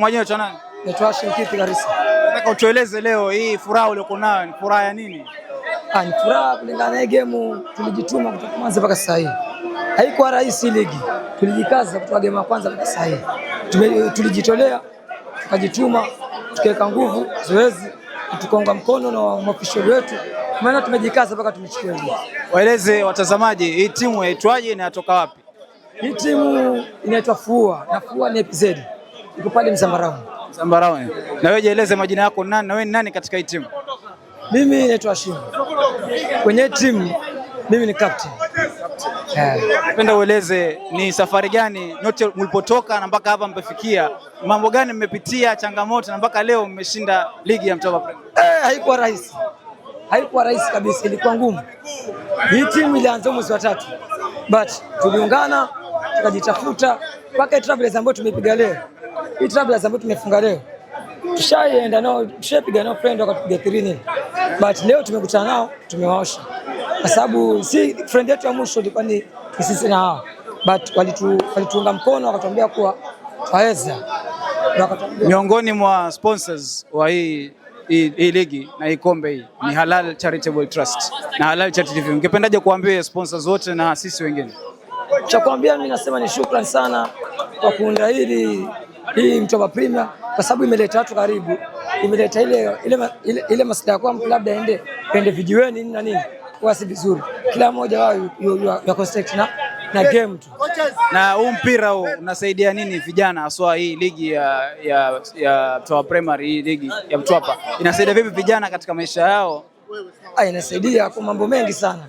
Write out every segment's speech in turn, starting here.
kwa majina cha nani? Naitwa Hashim Kiti Karisa. Nataka utueleze leo hii furaha uliokuwa nayo ni furaha ya nini? Ah, ni furaha kulingana na game tulijituma kutoka mwanzo mpaka sasa hivi. Haikuwa rahisi ligi. Tulijikaza kutoka game ya kwanza mpaka sasa hivi. Tulijitolea, tukajituma, tukaweka nguvu, zoezi, tukonga mkono na mafisho wetu. Maana tumejikaza mpaka tumechukua hiyo. Waeleze watazamaji hii timu inaitwaje na inatoka wapi? Hii timu inaitwa Fua na Fua ni EPZ. Iko pale Mzambarao. Mzambarao. Na wewe jeleze majina yako nani na wewe ni nani katika hii timu? Mimi naitwa Hashim. Kwenye timu mimi ni captain. Eh. Napenda ueleze ni safari gani nyote mlipotoka na mpaka hapa mmefikia, mambo gani mmepitia, changamoto na mpaka leo mmeshinda ligi ya Mtwapa Premier. Eh, haikuwa rahisi, haikuwa rahisi kabisa, ilikuwa ngumu. Hii timu ilianza mwezi wa tatu, but tuliungana tukajitafuta mpaka ambayo tumepiga leo hii Travelers ambayo tumefunga leo tushaienda nao, tushapiga nao friend wakatupiga 3-0. But leo tumekutana nao tumewaosha, kwa sababu si friend yetu ya mwisho ilikuwa ni sisi na hao, but walituunga mkono wakatuambia kuwa waweza. Miongoni mwa sponsors wa hii hii hii ligi na hii kombe hii ni Halal Charitable Trust na Halal Charity. Ungependaje kuambia sponsors wote na sisi wengine? Cha kuambia mimi nasema ni shukrani sana kwa kuunda hili hii Mtwapa Premier kwa sababu imeleta watu karibu, imeleta ile ile ile, ile kwa mtu labda ende ende vijiweni nini na nini, kwa si vizuri, kila mmoja wao ya concentrate na na game tu. Na huu mpira huu unasaidia nini vijana, aswa hii ligi ya ya ya Mtwapa Premier, hii ligi ya Mtwapa inasaidia vipi vijana katika maisha yao? Ah, inasaidia kwa mambo mengi sana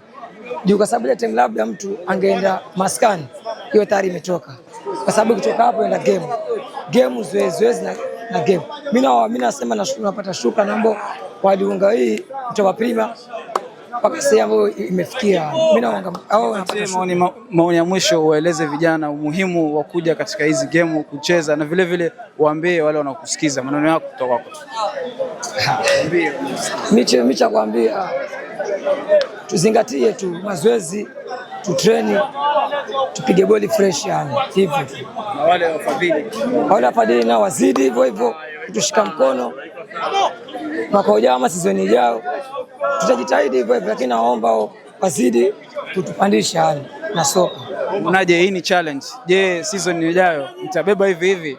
juu, kwa sababu ile time labda mtu angeenda maskani, hiyo tayari imetoka kwa sababu kutoka hapo enda game game, zoezi zoezi na, na game. Mimi nasema na napata shuka naomba waliunga hii kutoka prima mpaka sehemu ambayo imefikia. Maoni ya mwisho, waeleze vijana umuhimu wa kuja katika hizi game kucheza, na vile vile waambie wale wanakusikiza maneno yako kutoka kwako. Mimi cha kuambia tuzingatie tu mazoezi tutreni, tupige goli fresh yani hivyo. Na wale wafadhili, wale wafadhili nao wazidi hivyo hivyo kutushika mkono mwaka ujao ama sizoni ijao, tutajitahidi hivyo hivyo, lakini naomba wazidi kutupandisha yani na soka. Unaje, hii ni challenge. Je, season ijayo itabeba hivi hivi?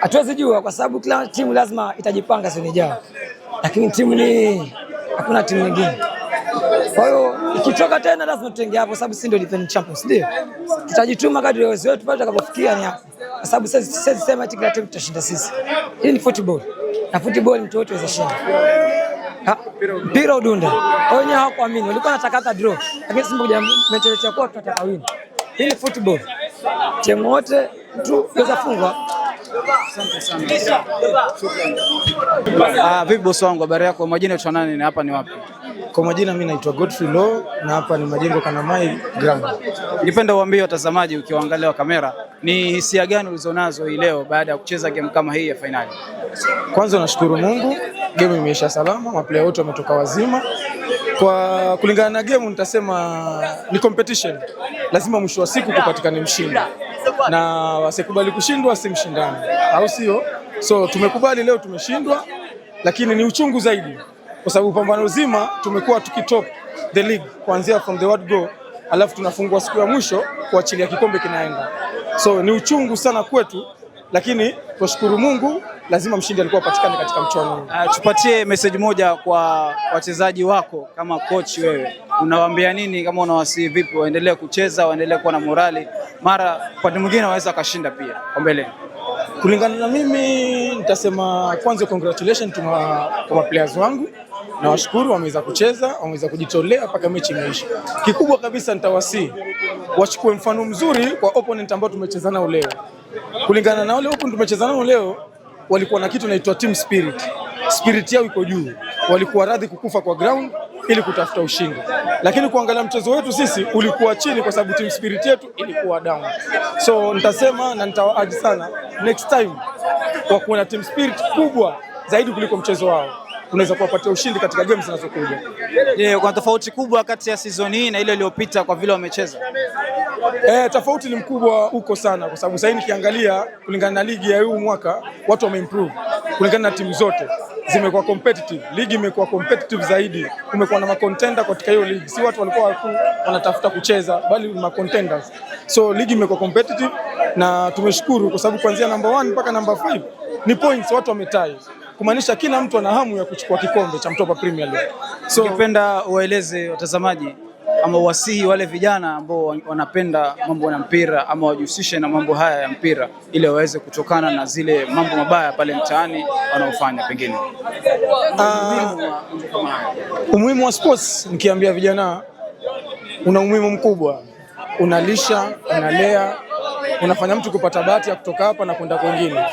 Hatuwezi jua kwa sababu kila timu lazima itajipanga season ijayo, lakini timu ni hakuna timu nyingine kwa hiyo ikitoka tena lazima tutenge hapo, sababu sisi ndio defending champions, ndio tutajituma kadri ya uwezo wetu pale tutakapofikia, ni hapo, kwa sababu sisi sisi sema ati kila timu tutashinda sisi. Hii ni football na football mtu wote anaweza shinda mpira udunda. Wenyewe hawakuamini, walikuwa wanataka hata draw, lakini sisi kuja mentality yako tunataka win. Hii ni football, timu wote tu inaweza fungwa. Ah, Vipi bosi wangu, habari yako? Majina yetu nani na hapa ni wapi? Kwa majina mimi naitwa Godfrey Lo na hapa ni Majengo Kanamai Ground. Ningependa uambie watazamaji ukiwaangalia wa kamera ni hisia gani ulizonazo hii leo baada ya kucheza game kama hii ya fainali? Kwanza nashukuru Mungu, game imeisha salama, maplaya wote wametoka wazima. Kwa kulingana na game nitasema ni competition, lazima mwisho wa siku kupatikane mshindi, na wasikubali kushindwa si mshindani, au sio? So tumekubali leo tumeshindwa, lakini ni uchungu zaidi kwa sababu pambano zima tumekuwa tukitop the league kuanzia from the word go, alafu tunafungua siku ya mwisho kuachilia kikombe kinaenda. So ni uchungu sana kwetu, lakini twashukuru Mungu, lazima mshindi alikuwa apatikane katika mchuano. Uh, tupatie message moja kwa wachezaji wako kama coach, wewe unawaambia nini? Kama unawasii vipi waendelee kucheza, waendelee kuwa na morali, mara upande mwingine waweza wakashinda pia mbele Kulingana na mimi nitasema kwanza, congratulations kwa players wangu na washukuru, wameweza kucheza, wameweza kujitolea mpaka mechi imeisha. Kikubwa kabisa nitawasii wachukue mfano mzuri kwa opponent ambao tumecheza nao leo, kulingana na wale huko tumecheza nao leo, walikuwa na kitu inaitwa team spirit. Spirit yao iko juu, walikuwa radhi kukufa kwa ground ili kutafuta ushindi, lakini kuangalia mchezo wetu sisi ulikuwa chini kwa sababu team spirit yetu ilikuwa down. So nitasema na nitawaaji sana next time kwa kuwa na team spirit kubwa zaidi kuliko mchezo wao tunaweza kuwapatia ushindi katika game zinazokuja. Je, kuna tofauti kubwa kati ya season hii na ile iliyopita kwa vile wamecheza? Eh, tofauti ni mkubwa huko sana, kwa sababu sasa nikiangalia kulingana na ligi ya huu mwaka watu wameimprove kulingana na timu zote zimekuwa competitive, ligi imekuwa competitive zaidi, kumekuwa na makontenda katika hiyo ligi, si watu walikuwa wanatafuta kucheza, bali ni makontenders. So ligi imekuwa competitive na tumeshukuru kwa sababu kuanzia namba 1 mpaka namba 5 ni points watu wametai kumaanisha kila mtu ana hamu ya kuchukua kikombe cha Mtopa Premier League. So ningependa waeleze watazamaji ama uwasihi wale vijana ambao wanapenda mambo na mpira ama wajihusishe na mambo haya ya mpira ili waweze kutokana na zile mambo mabaya pale mtaani wanaofanya pengine. Uh, umuhimu wa sports, nikiambia vijana una umuhimu mkubwa, unalisha, unalea, unafanya mtu kupata bahati ya kutoka hapa na kwenda kwingine.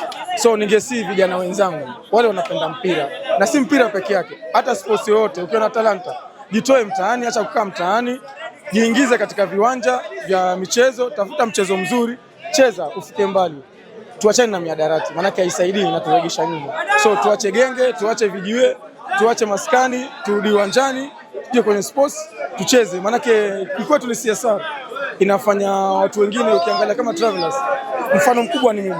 So ningesii vijana wenzangu wale wanapenda mpira na si mpira peke yake, hata sports yoyote, ukiwa na talanta jitoe mtaani, acha kukaa mtaani, jiingize katika viwanja vya michezo, tafuta mchezo mzuri, cheza ufike mbali. Tuachane na miadarati, maanake haisaidii, inaturegesha nyuma. So tuache genge, tuache vijiwe, tuache maskani, turudi uwanjani, tuje kwenye sports tucheze, maanake kikwetu ni CSR inafanya watu wengine. Ukiangalia kama Travelers, mfano mkubwa ni mimi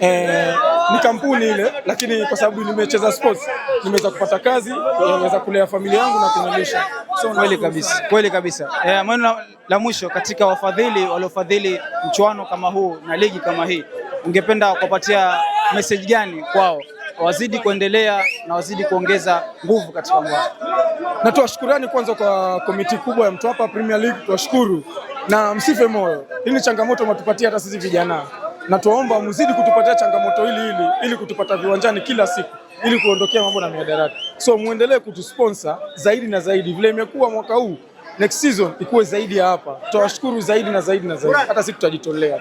eh, ni kampuni ile, lakini kwa sababu nimecheza sports nimeweza kupata kazi, naweza kulea familia yangu na kunyonyesha. So, kweli kabisa, kweli kabisa. Eh, maneno la mwisho katika wafadhili waliofadhili mchuano kama huu na ligi kama hii, ungependa kuwapatia message gani kwao? Wazidi kuendelea na wazidi kuongeza nguvu katika mwaka. Na tuwashukurani kwanza kwa komiti kubwa ya Mtwapa Premier League, tuwashukuru na msife moyo. Hii ni changamoto matupatia hata sisi vijana na tuomba mzidi kutupatia changamoto hili hili ili kutupata viwanjani kila siku ili kuondokea mambo na miadarati. So muendelee kutusponsor zaidi na zaidi, vile imekuwa mwaka huu, next season ikuwe zaidi ya hapa. Tutawashukuru zaidi na zaidi na zaidi, hata sisi tutajitolea.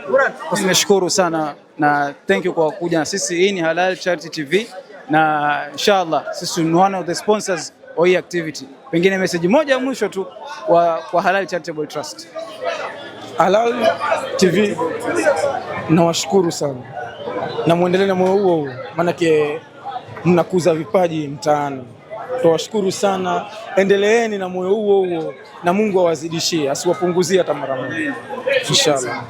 Tunashukuru sana na thank you kwa kuja na sisi. Hii ni Halaal Charity TV na inshallah sisi ni one of the sponsors of hii activity. Pengine message moja mwisho tu kwa, kwa Halaal Charitable Trust. Halaal TV nawashukuru sana na muendelee na moyo huo huo, maanake mnakuza vipaji mtaani. nawashukuru sana, endeleeni na moyo huo huo, na Mungu awazidishie, asiwapunguzie hata mara moja, inshallah.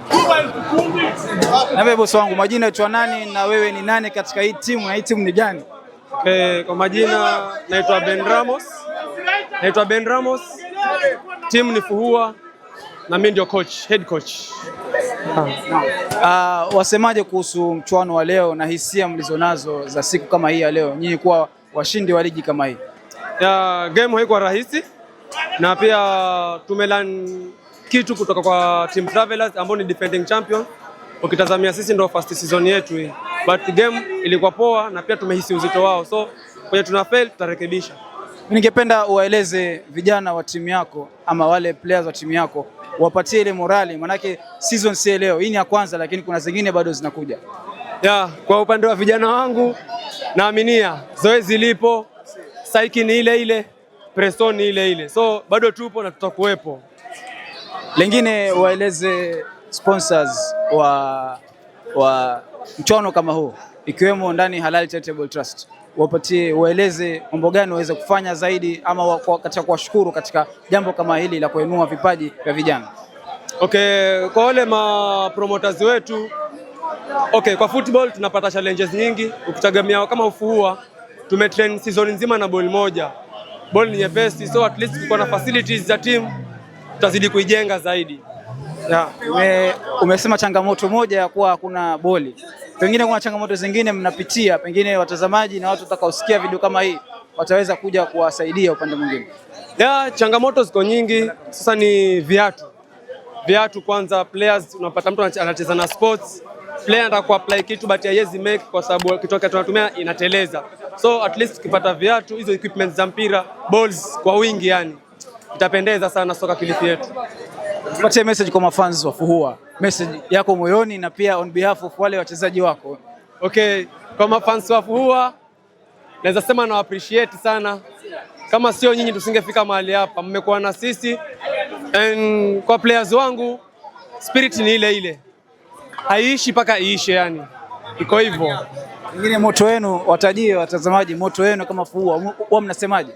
Nawe bosi wangu, majina yetu nani na wewe ni nani katika hii timu na hii timu ni gani? Eh, kwa majina naitwa Ben Ramos, naitwa Ben Ramos, timu ni Fuhua na mimi ndio coach, head coach. Ah, ah. ah, wasemaje kuhusu mchuano wa leo na hisia mlizonazo za siku kama hii ya leo, nyinyi kuwa washindi wa ligi kama hii? Ya, game haikuwa rahisi na pia tumelan kitu kutoka kwa Team Travelers ambao ni defending champion. Ukitazamia sisi ndio first season yetu hii, but game ilikuwa poa na pia tumehisi uzito wao, so kwenye tuna fail tutarekebisha. Ningependa uwaeleze vijana wa timu yako ama wale players wa timu yako wapatie ile morali, manake season si leo hii, ni ya kwanza, lakini kuna zingine bado zinakuja. Yeah, kwa upande wa vijana wangu naaminia zoezi lipo, saiki ni ile ile, preso ni ile ile, so bado tupo na tutakuwepo. Lengine waeleze sponsors wa, wa mchono kama huu ikiwemo ndani Halal Charitable Trust wapatie waeleze mambo gani waweze kufanya zaidi ama katika kuwashukuru katika jambo kama hili la kuinua vipaji vya vijana. Okay, kwa wale promoters wetu okay, kwa football tunapata challenges nyingi ukitagamia kama ufuua tumetrain season nzima na ball moja. Ball ni nyepesi, so at least tukiwa na facilities za team tutazidi kuijenga zaidi. Yeah. Umesema changamoto moja ya kuwa hakuna boli Pengine kuna changamoto zingine mnapitia, pengine watazamaji na watu watakaosikia video kama hii wataweza kuja kuwasaidia upande mwingine? Yeah, changamoto ziko nyingi. Sasa ni viatu, viatu kwanza, players unapata mtu anacheza na sports player anataka kuapply kitu but haiwezi make kwa sababu kitu tunatumia inateleza, so at least ukipata viatu hizo equipment za mpira balls kwa wingi, yani itapendeza sana soka kilifi yetu. Tupatie message kwa mafans wa Fuhua message yako moyoni na pia on behalf of wale wachezaji wako? Okay, kwa mafans wa Fuhua naweza sema na appreciate sana, kama sio nyinyi tusingefika mahali hapa, mmekuwa na sisi and kwa players wangu spirit ni ile ile, haiishi mpaka iishe, yani iko hivyo. Pengine moto wenu watajie watazamaji, moto wenu kama Fuhua huwa mnasemaje?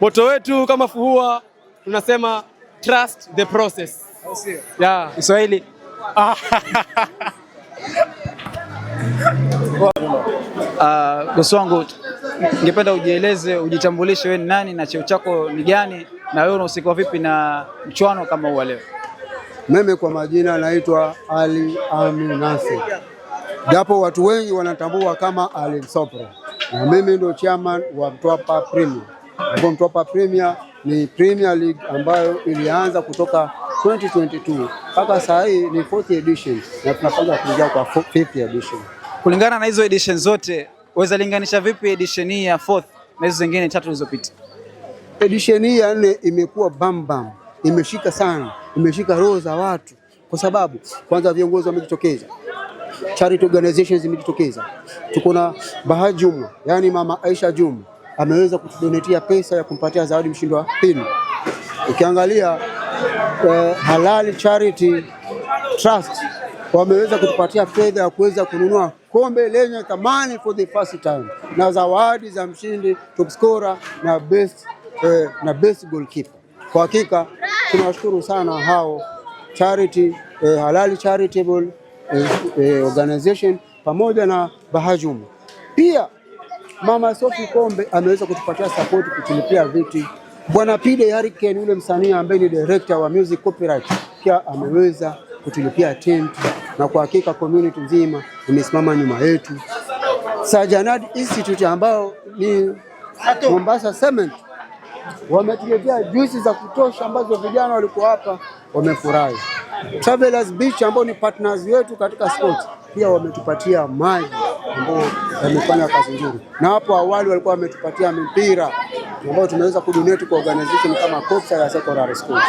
Moto wetu kama Fuhua tunasema trust the process Kiswahili ah, bosi wangu, ningependa ujieleze, ujitambulishe, wewe ni nani na cheo chako ni gani, na wewe unahusika vipi na mchuano kama huu leo? Mimi kwa majina naitwa Ali Amin Nasir, japo watu wengi wanatambua kama Ali Sopro, na mimi ndo chairman wa Mtwapa Premier. Kwa Mtwapa Premier ni Premier League ambayo ilianza kutoka 2022 mpaka saa hii ni fourth edition na tunapanga kuingia kwa fifth edition. Kulingana na hizo edition zote, waweza linganisha vipi edition hii ya fourth na hizo zingine tatu zilizopita? Edition hii ya nne imekuwa bam, imeshika sana, imeshika roho za watu kwa sababu kwanza viongozi wamejitokeza, charity organizations zimejitokeza. Tuko na Baha yani mama Aisha Juma ameweza kutudonetia pesa ya kumpatia zawadi mshindi wa pili. Ukiangalia eh, Halali Charity Trust wameweza kutupatia fedha ya kuweza kununua kombe lenye thamani for the first time na zawadi za mshindi top scorer na best, eh, na best goalkeeper. Kwa hakika tunawashukuru sana hao Charity eh, Halali Charitable eh, eh, organization pamoja na bahajumu Pia Mama Sophie Kombe ameweza kutupatia support kutulipia viti Bwana Pide Hurricane, yule msanii ambaye ni director wa music copyright, pia ameweza kutulipia tenti, na kwa hakika community nzima imesimama nyuma yetu. Sajanad Institute ambao ni Mombasa Cement wametuletea juisi za kutosha ambazo vijana walikuwa hapa wamefurahi. Travelers Beach ambao ni partners wetu katika sport pia wametupatia maji ambao yamefanya kazi nzuri, na hapo awali walikuwa wametupatia mipira ambayo tumeweza kudonate kwa organization kama Kopsa ya secondary school.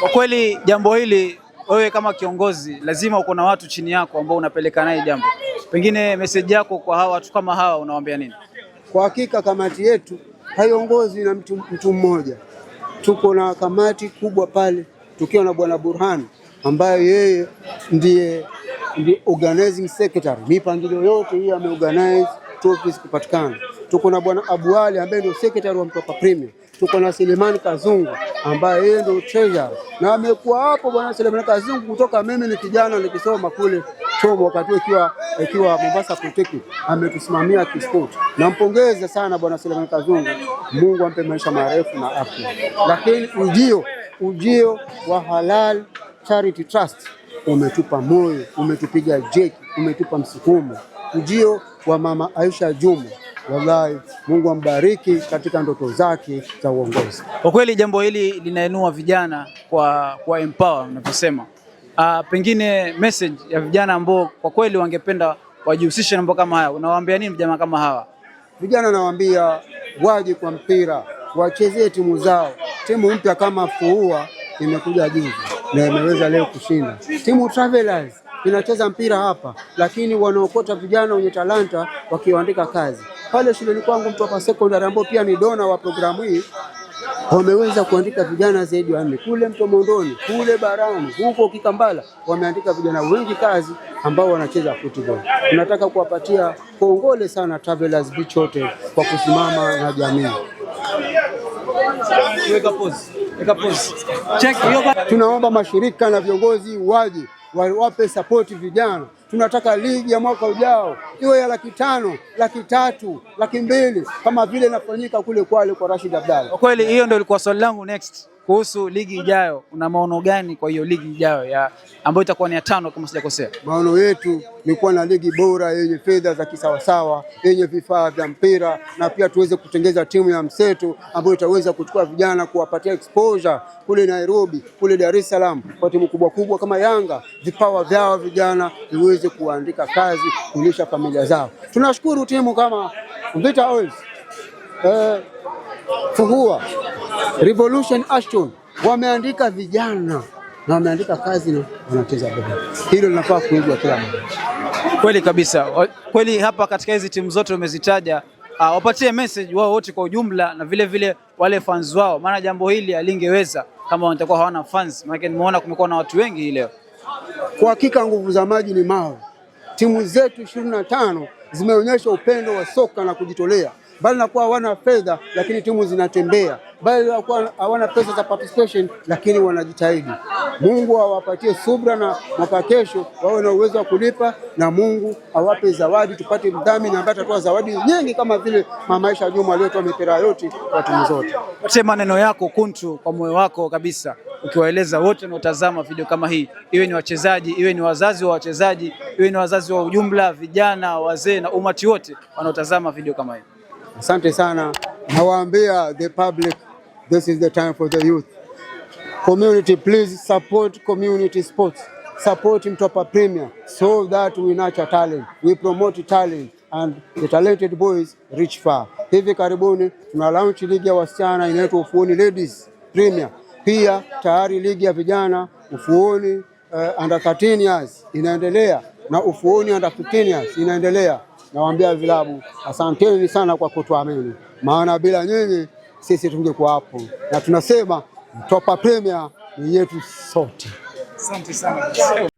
Kwa kweli jambo hili, wewe kama kiongozi, lazima uko na watu chini yako ambao unapeleka naye jambo. Pengine meseji yako kwa hawa watu kama hawa unawaambia nini? Kwa hakika kamati yetu haiongozi na mtu, mtu mmoja. Tuko na kamati kubwa pale tukiwa na Bwana Burhan ambaye yeye ndiye ndi organizing secretary. Mipangilio yote hii ameorganize trophies kupatikana. Tuko na bwana Abu Ali ambaye ndio secretary wa Mtwapa Premier. Tuko na Selemani Kazungu ambaye yeye ndio treasurer, na amekuwa hapo bwana Selemani Kazungu kutoka mimi ni kijana nikisoma kule Chomo wakati ikiwa ikiwa Mombasa Polytechnic, ametusimamia kisport. Nampongeza sana bwana Selemani Kazungu, Mungu ampe maisha marefu na afya. Lakini ujio ujio wa Halal Charity Trust umetupa moyo, umetupiga jeki, umetupa msukumo. Ujio wa mama Aisha Juma, wallahi Mungu ambariki katika ndoto zake za uongozi. Kwa kweli jambo hili linainua vijana kwa, kwa empower unavyosema. Uh, pengine message ya vijana ambao kwa kweli wangependa wajihusishe na mambo kama haya, unawaambia nini vijana kama hawa? Vijana nawaambia waje kwa mpira, wachezee timu zao. Timu mpya kama Fuua imekuja juzi na imeweza leo kushinda. Timu Travelers inacheza mpira hapa, lakini wanaokota vijana wenye talanta wakiwaandika kazi pale shuleni kwangu Mtwapa Secondary, ambao pia ni dona wa programu hii wameweza kuandika vijana zaidi ya nne kule Mtomondoni, kule Barani, huko Kikambala, wameandika vijana wengi kazi ambao wanacheza football. Tunataka kuwapatia kongole sana Travelers Beach Hotel kwa kusimama na jamii. Tunaomba mashirika na viongozi waje wawape sapoti vijana. Tunataka ligi ya mwaka ujao iwe ya laki tano, laki tatu, laki mbili kama vile inafanyika kule Kwale kwa Rashid Abdalla. kweli hiyo ndio ilikuwa swali langu next kuhusu ligi ijayo, una maono gani kwa hiyo ligi ijayo ya ambayo itakuwa ni ya tano kama sijakosea? Maono yetu ni kuwa na ligi bora yenye fedha za kisawasawa, yenye vifaa vya mpira na pia tuweze kutengeza timu ya mseto ambayo itaweza kuchukua vijana, kuwapatia exposure kule Nairobi, kule Dar es Salaam, kwa timu kubwa kubwa kama Yanga, vipawa vyao vijana viweze kuandika kazi, kulisha familia zao. Tunashukuru timu kama Vita Oils, eh, Fuhua Revolution Ashton wameandika vijana na wameandika kazi na wanacheza baba. Hilo linafaa kuigwa kila mmoja. Kweli kabisa, kweli hapa katika hizi timu zote umezitaja, uh, wapatie message wao wote kwa ujumla na vile vile wale fans wao, maana jambo hili halingeweza kama watakuwa hawana fans. Maana nimeona kumekuwa na watu wengi hii leo. Kwa hakika nguvu za maji ni mawe. Timu zetu ishirini na tano zimeonyesha upendo wa soka na kujitolea, mbali na kuwa hawana fedha, lakini timu zinatembea bali hawana pesa za participation, lakini wanajitahidi. Mungu awapatie subra na mwaka kesho wawe na uwezo wa kulipa, na Mungu awape zawadi, tupate mdhamini ambaye atatoa zawadi nyingi kama vile Mama Aisha Juma aliyotoa mipira yote kwa timu zote. maneno yako kuntu kwa moyo wako kabisa, ukiwaeleza wote wanaotazama video kama hii, iwe ni wachezaji, iwe ni wazazi wa wachezaji, iwe ni wazazi wa ujumla, vijana, wazee na umati wote wanaotazama video kama hii. Asante sana, nawaambia the public this is the time for the youth. Community, please support community sports. Support Mtwapa Premier so that we nurture talent, we promote talent and the talented boys reach far. Hivi karibuni tuna launch ligi ya wasichana inaitwa Ufuoni Ladies Premier. Pia tayari ligi ya vijana Ufuoni uh, under 13 years inaendelea na Ufuoni under 15 years inaendelea. Nawaambia vilabu asanteni sana kwa kutuamini, maana bila nyinyi sisi tungekuwa hapo, na tunasema Mtwapa Premier ni yetu sote. Asante sana.